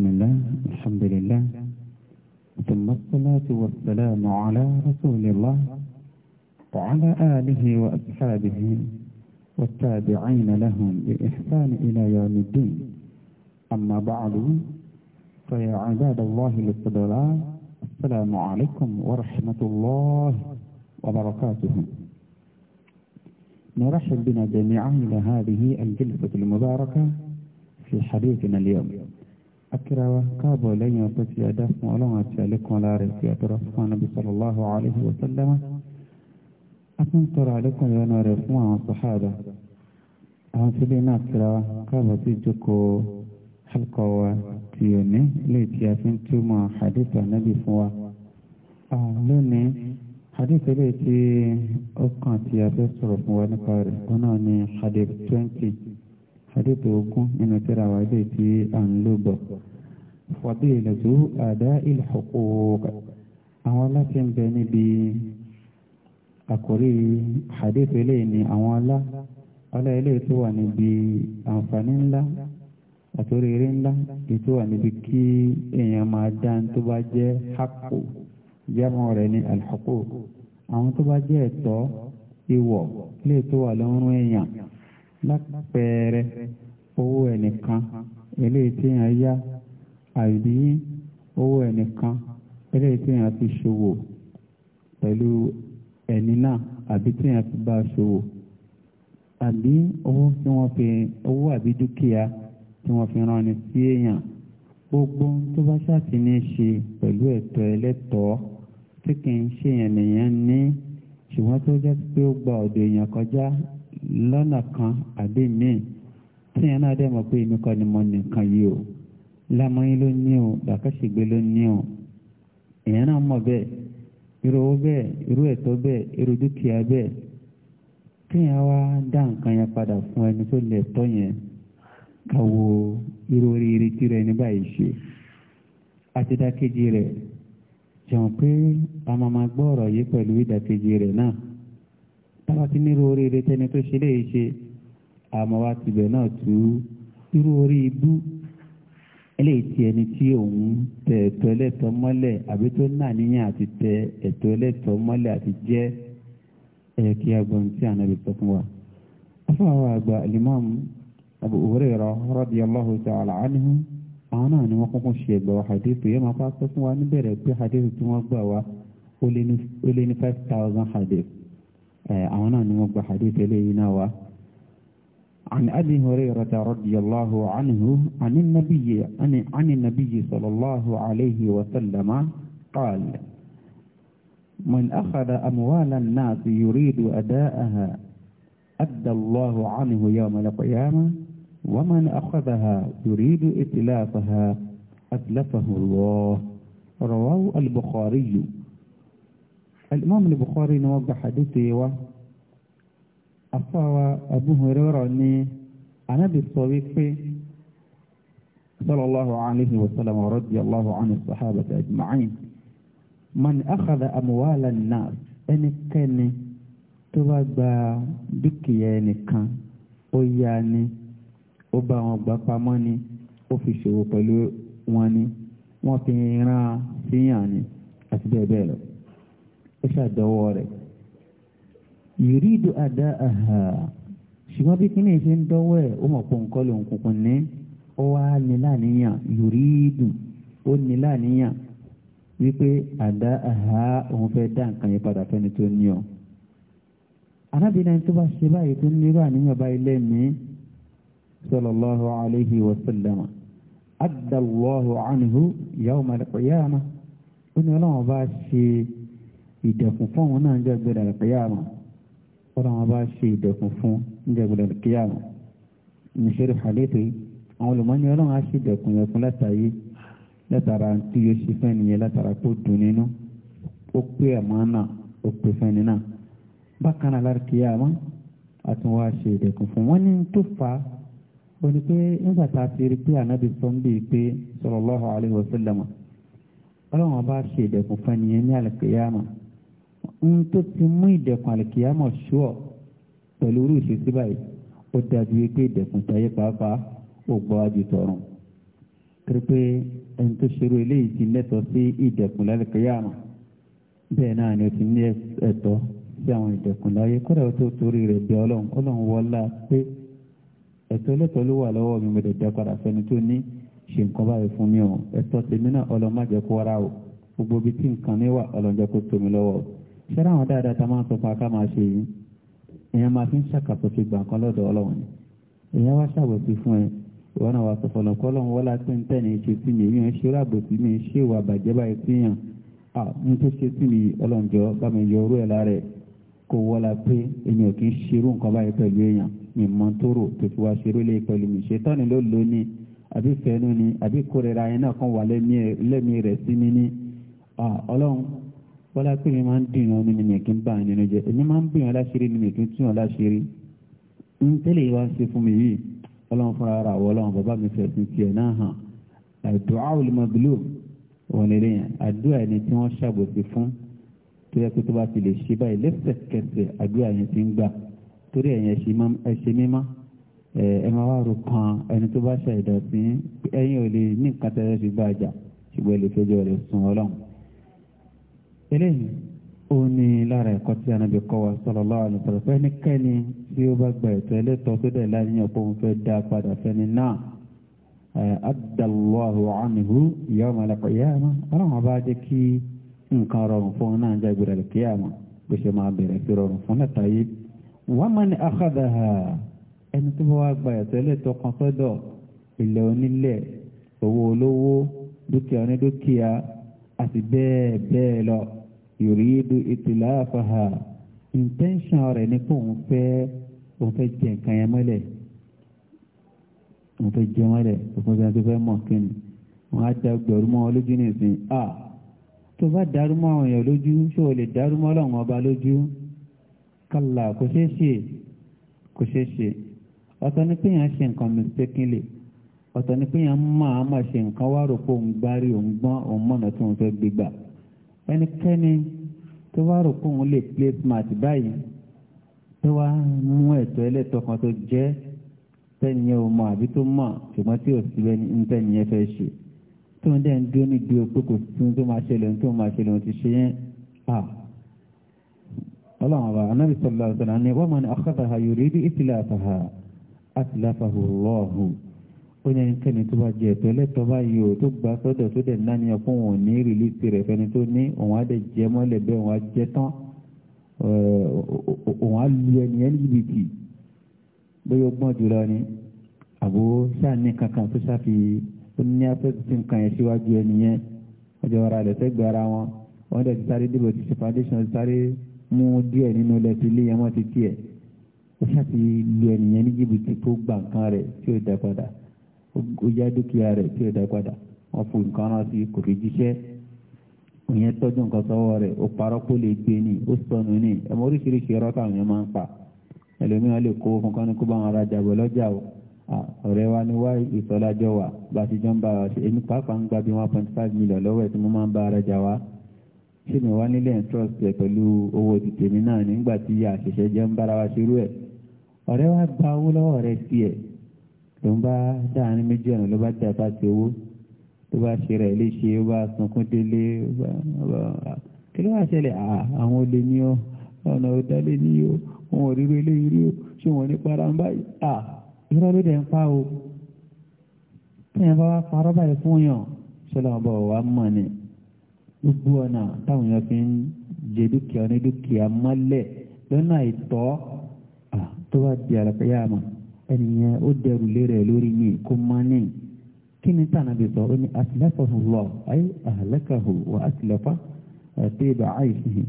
بسم الله الحمد لله ثم الصلاة والسلام على رسول الله وعلى آله وأصحابه والتابعين لهم بإحسان إلى يوم الدين أما بعد فيا عباد الله الصدراء السلام عليكم ورحمة الله وبركاته نرحب بنا جميعا إلى هذه الجلسة المباركة في حديثنا اليوم akirawa káàbọ̀ lẹ́yìn ọpẹ́ tí a dá fún ọlọ́run àti àlékún ọlá rẹ̀ tí a tọrọ fún anabi sallallahu alayhi wa sallam a tún tọrọ àlékún ìyọnu rẹ̀ fún àwọn sàhábà àwọn tí lẹ́yìn akirawa káàbọ̀ tí jókòó halkọ̀ ti òní lè tí a fi ń túmọ̀ hadith anabi fún wa. lónìí hadith eléyìí tí ó kàn tí a fẹ́ sọ̀rọ̀ fún wa nípa rẹ̀ ó náà ní hadith twenty hadith ogún nínú tírà wa ilé tí à ń lò bọ̀. fadilatu ada'il huquq àwọn láti ń bẹ níbi àkórí hadith eléyìí ni àwọn ọlá ọlá eléyìí tó wà níbi àǹfààní ńlá àtòrèrè ńlá ètò wà níbi kí èèyàn máa dán tó bá jẹ́ haqq jámọ́ rẹ̀ ní al-huquq àwọn tó bá jẹ́ ẹ̀tọ́ ìwọ̀ lè tó wà lọ́rùn èèyàn lápẹẹrẹ owó ẹnìkan eléyìí tí yàn yá àìdí owó ẹnìkan eléyìí tí yàn fi ṣòwò pẹ̀lú ẹni náà àbí tí yàn fi bá a ṣòwò àbí owó tí wọ́n fi owó àbí dúkìá tí wọ́n fi ránni sí èèyàn gbogbo tó bá ṣáàtì ní í ṣe pẹ̀lú ẹ̀tọ́ ẹlẹ́tọ̀ọ́ tí kì í ṣe èèyàn nìyẹn ní ṣùgbọ́n tó jẹ́ pé ó gba ọ̀dọ̀ èèyàn kọjá lọ́nà kan àbí míì tí yẹn náà dẹ̀ mọ̀ pé èmi kọ́ ni mo nìkan yìí o lámọ́yìn ló ní o làkàṣègbè ló ní o èèyàn náà mọ̀ bẹ́ẹ̀ irú owó bẹ́ẹ̀ irú ẹ̀tọ́ bẹ́ẹ̀ irú dúkìá bẹ́ẹ̀ kéèyàn wá dá nǹkan yẹn padà fún ẹni tó lè tọ́ yẹn ká wo irú oríire tí rẹ ní báyìí ṣe àti ìdàkejì jẹun pé a máa ma gbọ́ ọ̀rọ̀ yìí pẹ̀lú ìdàkejì rẹ̀ náà táwa ti nírú oríire tẹni tó ṣe léè ṣe àmọ́ wa tibẹ̀ náà tú irú orí ibú eléyìí ti ẹni tí òun tẹ ẹ̀tọ́ ẹlẹ́tọ́ mọ́lẹ̀ àbí tó nàníyàn àti tẹ ẹ̀tọ́ ẹlẹ́tọ́ mọ́lẹ̀ àti jẹ́ ẹ̀yẹ kí agbọ̀n tí ànábi sọ fún wa. afọwọ́ àgbà limam abu hurairah radiyallahu ta'ala anhu àwọn náà ni wọ́n kọ́kọ́ ṣe ẹgbẹ́ wa hadith yẹn máa kọ́ fún wa níbẹ̀rẹ̀ pé hadith tí wọ́n gbà wá ó lé ní five thousand hadith. àwọn náà ni wọ́n و عن أبي هريرة رضي الله عنه عن النبي عن, عن النبي صلى الله عليه وسلم قال من أخذ أموال الناس يريد أداءها أدى الله عنه يوم القيامة ومن أخذها يريد إتلافها أتلفه الله رواه البخاري الإمام البخاري نوضح حديثه و أصاب أبو هريرة أني أنا بالصديق صلى الله عليه وسلم ورضي الله عن الصحابة أجمعين من أخذ أموال الناس أن كان تبقى دكيا كان وياني ọba wọn gbà pamọ́ ni ó fi ṣòwò pẹ̀lú wọn ni wọ́n fi ran síyàn ni àti bẹ́ẹ̀ bẹ́ẹ̀ lọ ó ṣàdánwò rẹ̀ yìrìdù àdá àhà ṣùgbọ́n bí kíní ṣe ń dánwò ẹ̀ ó mọ̀ pé nǹkan lòun kùnkùn ní ó wá ní láníyàn yìrìdù ó ní láníyàn wípé àdá àhà òun fẹ́ dá nǹkan yẹn padà fẹ́ni tó ní ọ arábìnrin tó bá ṣe báyìí tó ní irú àníyàn báyìí lẹ́mìí sallallahu alayhi wa sallam adallahu anhu yawma al-qiyamah ó ní ọlọ́run bá ṣe ìdẹ̀kùn fún òun náà ń jẹ́ gbẹ̀dẹ̀ àlùkìyàmọ̀ ọ̀rọ̀ wọn bá ṣe ìdẹ̀kùn fún ń jẹ́ gbẹ̀dẹ̀ àlùkìyàmọ̀ nìṣẹ́rù àlétò àwọn olùmọ́ni ọlọ́run á ṣe ìdẹ̀kùn yẹn fún látàyé látara tí yóò ṣe fẹ́ nìyẹn látara kó dùn nínú ó pé ẹ̀mọ́ náà ó pé fẹ́ni náà bákan náà lálùkìyàmọ̀ àtún wá ṣe ìdẹ̀kùn fún wọn ní tó fa ó pé nígbà tá a ti rí pé ànábì sọ́ńbì pé sallallahu alaihi wasallam ọlọ́run ọba ṣe ìdẹ̀kùn fún ẹnìyẹn ní àlùkìyàmọ̀ ohun tó ti mú ìdẹ̀kùn àlìkìyàmọ̀ ṣúọ̀ pẹ̀lú irú ìṣesí báyìí ó dájú wípé ìdẹ̀kùn táyé pàápàá ò gbọ́ wájú tọ̀run torí pé ẹni tó ṣerú eléyìí ti lẹ́tọ̀ọ́ sí ìdẹ̀kùn lálìkìyàmọ̀ bẹ́ẹ̀ náà ni ó ti ní ẹ̀tọ́ sí àwọn ìdẹ̀kùn láyé kódà ó tó torí rẹ̀ bí ọlọ́run ọlọ́run wọlá pé ẹ̀tọ́ lẹ́tọ̀ọ́ ló wà lọ́wọ́ mi mo dẹ̀ dá padà fẹ́ni tó ní ṣe nǹkan báyìí fún mi o ẹ̀tọ́ tèmi náà ọlọ́run má jẹ́ kó wára o gbogbo ibi tí nǹkan mi wà ọlọ́run jẹ́ kó tó mi lọ́wọ́ o ṣẹ́ra àwọn dáadáa tá máa ń sọpá ká máa ṣe yìí èèyàn máa fi ń ṣàkàtọ̀ fi gbà kan lọ́dọ̀ ọlọ́run ni èèyàn wá ṣàbòsí fún ẹ ìwọ náà wà sọ̀fọ̀ lọ́kọ́ ọlọ́run wọ́lá pé ń tẹ̀lé ṣe sí mi yíyan ṣe rábòsí mi ṣe ìwà bàjẹ́ báyìí sí yàn à ń tó ṣe sí mi ọlọ́njọ́ bá mi yọ orú ẹ̀ lára ẹ̀ kó wọ́lá pé èmi ò kì í ṣerú nǹkan báyìí pẹ̀lú èèyàn mi mọ tóró tó fi wá ṣerú lé pẹ̀lú mi ṣe tọ́ni ló lò ní àbí fẹ́nu ni àbí kórira yẹn náà kan wà lẹ́mí rẹ̀ sí mi ní ọlọ́run bọ́lá pé mi máa ń dùn wọn nínú mi kí n bá nínú jẹ èmi máa ń bùn wọn láṣìírí nínú mi kí n tún wọn láṣìírí ń tẹ́lẹ̀ yìí wá ṣe fún mi yìí ọlọ́run fúnra ara wọ ọlọ́run bàbá mi fẹ̀sùn tiẹ̀ náà hàn àdúrà olùmọ̀gbìlò wọn lè rìn àdúrà ẹni tí wọ́n ṣàbòsí fún tó yẹ kó tó bá ti lè ṣe báyìí lẹ́sẹ̀kẹsẹ̀ àdúrà yẹn ti ń gbà torí ẹ̀yìn ẹ̀ṣẹ̀ mímá ẹ máa wá ro kan ẹni tó bá ṣàìdásí ẹ̀yìn ò lè ní nǹkan tẹ́lẹ̀ fi bá a jà ṣùgbọ́n ẹ lè fẹjọ́ rẹ̀ sùn ọlọ́run eléyìí ó ní lára ẹ̀kọ́ tí anábì kọ́ wa sallallahu alaihi wasallam fẹ́nikẹ́ni tí ó bá gba ẹ̀tọ́ ẹlẹ́tọ́ tó dẹ̀ láyé ọ̀pọ̀ òun fẹ́ dá padà fẹ́ni náà eh, adàlọ́hu anhu yawmal qiyamah ọlọ́run ọba jẹ́ kí nǹkan rọrùn fún náà jẹ́ gbèrè kíyàmá bó ṣe máa bẹ̀rẹ̀ sí rọrùn fún lẹ́tà yìí wọ́n máa ní akhadaha ẹni tó bá wá ẹ̀tọ́ ẹlẹ́tọ́ kan sọ́dọ̀ ilẹ̀ onílẹ̀ owó olówó dúkìá onídúkìá àti bẹ́ẹ̀ bẹ́ẹ̀ lọ yòrìdù ìtìláfàhà intention rẹ̀ ni pé òun fẹ́ òun fẹ́ jẹ nǹkan yẹn mọ́lẹ̀ òun fẹ́ jẹ mọ́lẹ̀ òun fẹ́ tó fẹ́ mọ̀ kíni wọ́n á da gbẹ̀rú mọ́ wọn lójú nìsín a tó bá dàrú mọ́ àwọn èèyàn lójú ṣé o lè dàrú mọ́ ọba lójú kálá kò ṣeé ṣe kò ṣeé ṣe ọ̀tọ̀ ni pé yẹn ṣe nǹkan mistakenly ọ̀tọ̀ ni pé yẹn máa máa ṣe nǹkan wá rò pé òun gbárí òun gbọ́n òun mọ̀nà tí òun fẹ́ gbégbà ẹnikẹ́ni tó wá rò fóun lè play smart báyìí tó wá mú ẹ̀tọ́ ẹlẹ́tọ́ kan tó jẹ́ tẹ́niyẹn ò mọ̀ àbí tó mọ̀ ṣùgbọ́n tí ò síbẹ̀ ní tẹ́niyẹn fẹ́ ṣe tó ń dẹ́ ń dúró ní òpó kò sí tó máa ṣẹlẹ̀ tó máa ṣẹlẹ̀ ti ṣe yẹn à ọlọ́run ọba anábì sọ̀rọ̀ lọ́sọ̀rọ̀ ni wọ́n mọ̀ ní ọ̀kadà ha yorùbá ìtìlẹ̀ àtàhà àtìlẹ̀ àfàhùrọ̀ ọ̀hún ó ní ẹnikẹ́ni tó bá jẹ ẹ̀tọ́ ẹlẹ́tọ́ báyìí o tó gbà sọ́dọ̀ tó dẹ̀ náà nìyẹn fún ní rìlíìsì rẹ̀ fẹ́ni tó ní òun á dẹ̀ jẹ mọ́lẹ̀ bẹ́ẹ̀ òun á jẹ tán òun á lu ẹni ẹni bóyá ó jùlọ ni àbò sáàní kankan tó ṣàfi ó ní afẹ́sí sí nǹkan yẹn síwájú ẹni yẹn ọjọ́ ara rẹ̀ sẹ́gbẹ̀ẹ́ ara wọn wọ́n dẹ̀ ti sáré dìbò ti ṣe foundation sáré mú díẹ̀ nínú ilẹ̀ tí ilé yẹn mọ́ ti tiẹ̀ ó ṣàfi lu ẹni yẹn ní jìbìtì tó gbà nǹkan rẹ̀ tí ó dẹ̀ padà ó yá dúkìá rẹ̀ tí ó dá padà wọ́n fún nǹkan rán sí kò fi jíṣẹ́ ìyẹn tọ́jú nǹkan sọ́wọ́ rẹ̀ ó parọ́ kó lè gbé ni ó sọnù ni ẹ̀mọ́ oríṣiríṣi ẹ̀rọ táwọn èèyàn máa ń pa ẹlòmíràn lè kó kankan ní kó bá wọn rajà bọ̀ lọ́jà o ọ̀rẹ́ wa ni wá ìsọ̀lájọ́ wa bá ti jọ ń bá wa ṣe èmi pàápàá ń gba bí one point five million lọ́wọ́ ẹ̀ tí mo máa ń bá rajà wa ṣé mi wá nílé interest rẹ̀ pẹ̀lú owó tètè mi náà nígbà tí àṣẹṣẹ jẹ́ ń bára wa ṣerú ẹ̀ ọ̀rẹ́ wa gba owó lọ́wọ́ rẹ̀ tiẹ̀ tó ń bá dáhàrin méjì ọ̀nà ló bá dá bá ti owó tó bá ṣe rẹ̀ léṣe ó bá sunkún délé kí ló wá ṣẹlẹ̀ àwọn olè ní ọ ọ̀nà ọ̀dálẹ̀ ní ọ wọn ò ríro eléyìí rí ó ṣé wọn ní para ń báyìí à irọ́ ló dẹ̀ ń pa o tí yẹn bá wá parọ́ báyìí fún yàn ṣọlá ọba ọ̀wá mọ̀ ni gbogbo ọ̀nà táwọn èèyàn fi ń jẹ dúkìá onídúkìá mọ́lẹ̀ lọ́nà àìtọ́ tó bá di àlàkàyà mọ́ ẹnìyẹn ó dẹrù lérè lórí mi kó máa ní kí ni tànà bí sọ ó ní atilẹ́fàhù lọ ayé ahlakahu wà atilẹ́fà ẹ̀ẹ́dẹ́gbà àìsí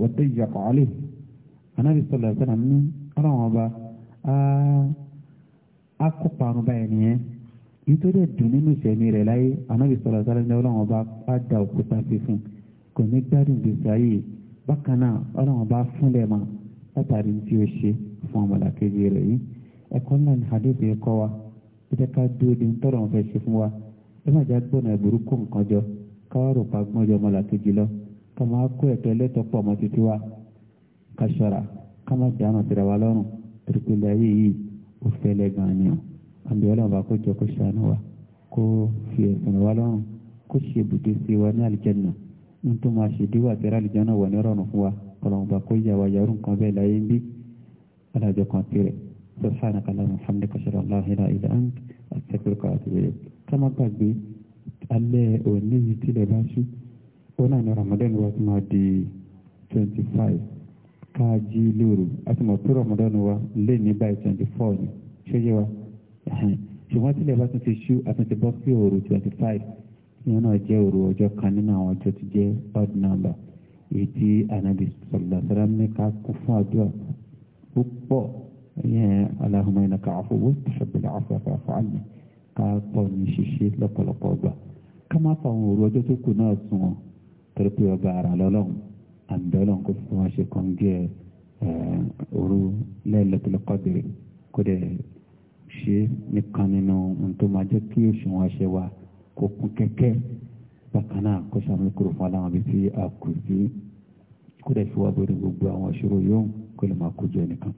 wàdíyà kọ́lé anábì sọlọ sọlọ ní ọlọ́wọ́n ọba akóparun bá ẹnìyẹn nítorí ẹ̀dùn nínú ìṣẹ̀mí rẹ̀ láyé anábì sọlọ sọlọ ní ọlọ́wọ́n ọba á da òkúta sí kò ní gbádùn gbèsè ayé bákan náà ọlọ́wọ́n ọba fúnlẹ̀ mọ́ látàrí tí ó ṣe fún ọmọlàkejì rẹ̀ yìí ẹ̀kọ́ náà ní hadith yẹn kọ́ wa títẹ ká dúró di tọrọ wọn fẹ́ ṣe fún wa ẹ má jẹ gbọnà ìburúkú nǹkan jọ káwárò pa gbọnjọ ọmọlàkejì lọ ká máa kó ẹ̀tọ́ ẹlẹtọ pọ ọmọ títí wa ká ṣọ́ra ká má dáná tìrẹ wa lọ́rùn tìrìkìlẹ ayé yìí ó fẹlẹ gan ni o àbí Ọlọ́run bá kó jọ fún wa Ọlọ́run bá kó yà wá yàrá nǹkan bẹ́ẹ̀ láyé alájọ kan tirẹ̀ sọ̀hánà kàlámù fúnlẹ́kọ̀ṣọ́rọ̀ aláhìlá ilẹ̀ ant àtẹ́kùrúkọ àti wẹ̀rẹ̀ ká má gbàgbé alẹ́ òní yìí tilẹ̀ bá ṣú ó náà ní Ramadan wa ti máa di twenty five ká jí lóru a mọ̀ pé Ramadan wa lé ní báyìí twenty four ni ṣé wa ṣùgbọ́n tilẹ̀ bá tún ti ṣú a tún ti bọ́ sí òru twenty five ìyẹn náà jẹ́ òru ọjọ́ kan nínú àwọn ọjọ́ tó jẹ́ odd number èyí tí anabi sọ̀rọ̀ púpọ̀ ìyẹn Allahumma innaka afuwwun tuhibbul afwa fa'fu anni ká pọ̀ ní ṣíṣe lọ́pọ̀lọpọ̀ gbà ká má fa àwọn òru ọjọ́ tó kù náà sùn wọn torí pé ọba ara lọ́lọ́run àǹdọ́lọ́run kò fún wọn ṣe kàn jẹ́ òru Lailatul Qadr kó dẹ̀ ṣe nìkan nínú ohun máa jẹ́ kí òṣùwọ̀n àṣẹ wa kó kún kẹ́kẹ́ bákan náà kó ṣàmúlò kúrò fún aláwọn ibi tí a kù sí kó dẹ̀ fi wá bóde gbogbo àwọn ìṣòro yòówù kó lè máa kojú ẹnì kankan.